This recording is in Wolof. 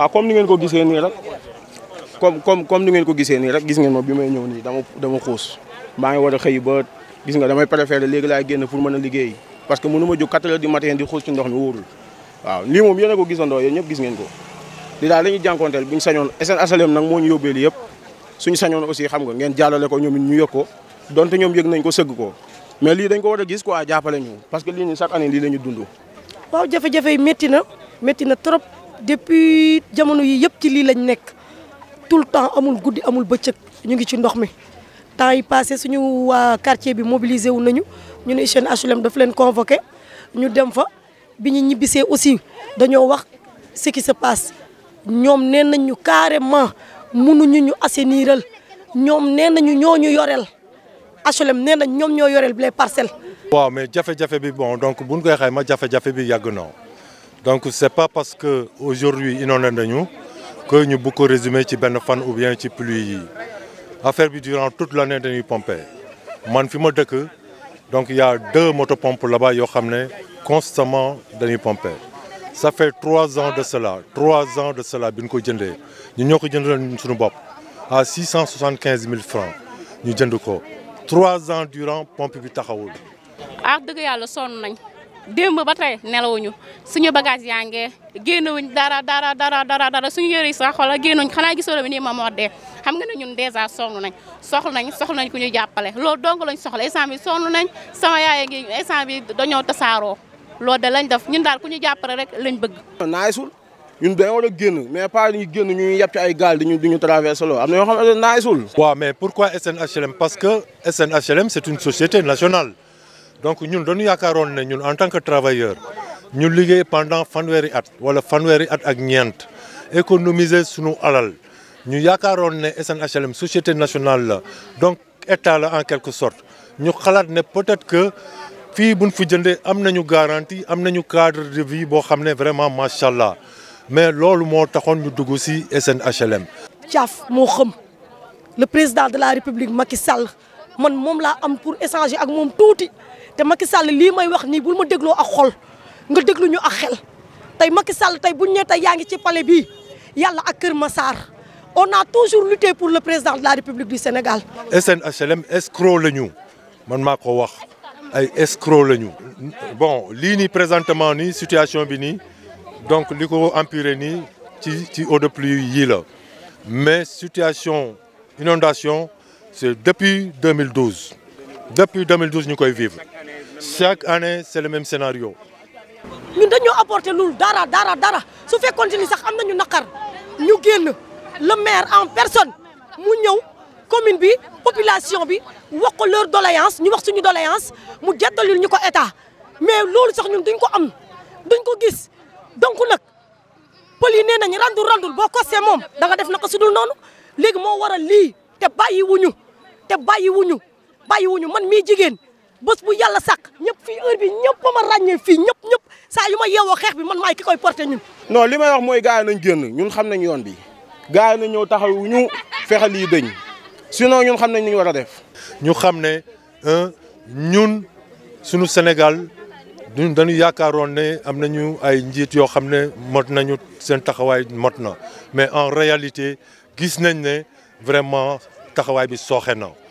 waaw comme ni ngeen ko gisee nii rek comme comme comme ni ngeen ko gisee nii rek gis ngeen ma bi may ñëw nii dama dama xuus maa ngi war a xëy ba gis nga damay préféré léegi laay génn pour mën a liggéey parce que mënu ma jóg 4 heures du matin di xuus ci a ko gisandoo yéen ñëpp gis ngeen ko li daal la ñuy jànkonteel buñu sañoon SN HLM moo ñu yóbbee li yëpp suñu sañoon aussi xam nga ngeen jàllale ko ñoom ñu yëg ko donte ñoom yëg nañ ko sëgg ko mais lii dañ ko war a gis quoi jàppale ñu parce que lii nii chaque année lii la ñu dund waaw jafe na métti na depuis jamono yi yëpp ci lii lañ nekk tout le temps amul guddi amul bëccëg ñu ngi ci ndox mi temps yi passé suñu waa quartier bi mobilisé wu nañu ñu ne chaîne HLM daf leen convoqué ñu dem fa bi ñu ñibbisee aussi dañoo wax ce qui se passe ñoom nee nañ ñu carrément mënuñu ñu asseniral ñoom nee nañu ñoo ñu yoreel HLM nee nañ ñoom ñoo yoreel les parcelle waaw mais jafe-jafe bi bon donc buñ koy xayma jafe-jafe bi yàgg na donc c'est n'est pas parce que aujourd'hui de a que ñu bëgg ko beaucoup ci benn fan ou bien ci pluie affaire durant toute l'année de nous pomper man fi ma donc il y a deux motopompes là-bas qui ont constamment constamment nous pomper ça fait trois ans de cela trois ans de cela Nous ñu ko nous ñu ñoo jëndal suñu à 675 000 francs ñu jënd ko trois ans durant pompe bi taxawul. ah dëgg yàlla sonn nañ démb ba nelawuñu suñu dara dara dara dara dara suñu sax ma de a mais pas ci ay pourquoi SNHLM parce que SNHLM c'est une société nationale donc nous dañu yaakaaroon nous en tant que travailleur nous liggéey pendant fanweeri at wala fanweeri at ak économiser économiser nos alal Nous, yaakaaroon SNHLM société nationale donc état en quelque sorte Nous avons peut-être que si nous avons une garantie un cadre de vie qui est vraiment macha mais loolu moo taxoon ñu dugg ci SNHLM. le président de la république Macky Sall man moom la am pour échanger ak moom tuuti te Macky Sall lii may wax nii bul ma dégloo ak xol nga déglu ñu ak xel tey Macky Sall tey buñ ne tey yaa ngi ci palais bii yàlla ak Kër Massar on a toujours lutté pour le président de la République du Sénégal. SNHLM escroc la ñu man maa ko wax ay escroc la bon lii nii présentement nii situation bi nii donc li ko empiré nii ci ci eau de pluie yii la mais situation inondation. C'est depuis 2012. Depuis 2012, nous vivons. vivre. Chaque année, c'est le même scénario. Nous devons apporter nous, dara, dara, dara. Si on continue, nous Nous devons le maire en personne. Nous la commune la population bi wax leur doléance ñu wax suñu doléance mu nous leur état mais nous sax ñun duñ ko am duñ ko gis donc nag nous faire. nee nañ la randul Nous da nga def naka sudul faire. te bàyyi wuñu te bàyyi wuñu bàyyi wuñu man mii jigéen bés bu yàlla sàkk ñëpp fii heure bi ñëpp ma ràññee fii ñëpp ñëpp saa yu ma yeewoo xeex bi man maay ki koy porté ñun non li may wax mooy gars yi nañ génn ñun xam nañ yoon bi gars yi nañ ñëw taxaw ñu fexe lii dëñ sinon ñun xam nañ ni ñu war a def ñu xam ne ñun sunu Sénégal duñ dañu yaakaaroon ne am nañu ay njiit yoo xam ne mot nañu seen taxawaay mot na mais en réalité gis nañ ne vraiment taxawaay bi sooxe na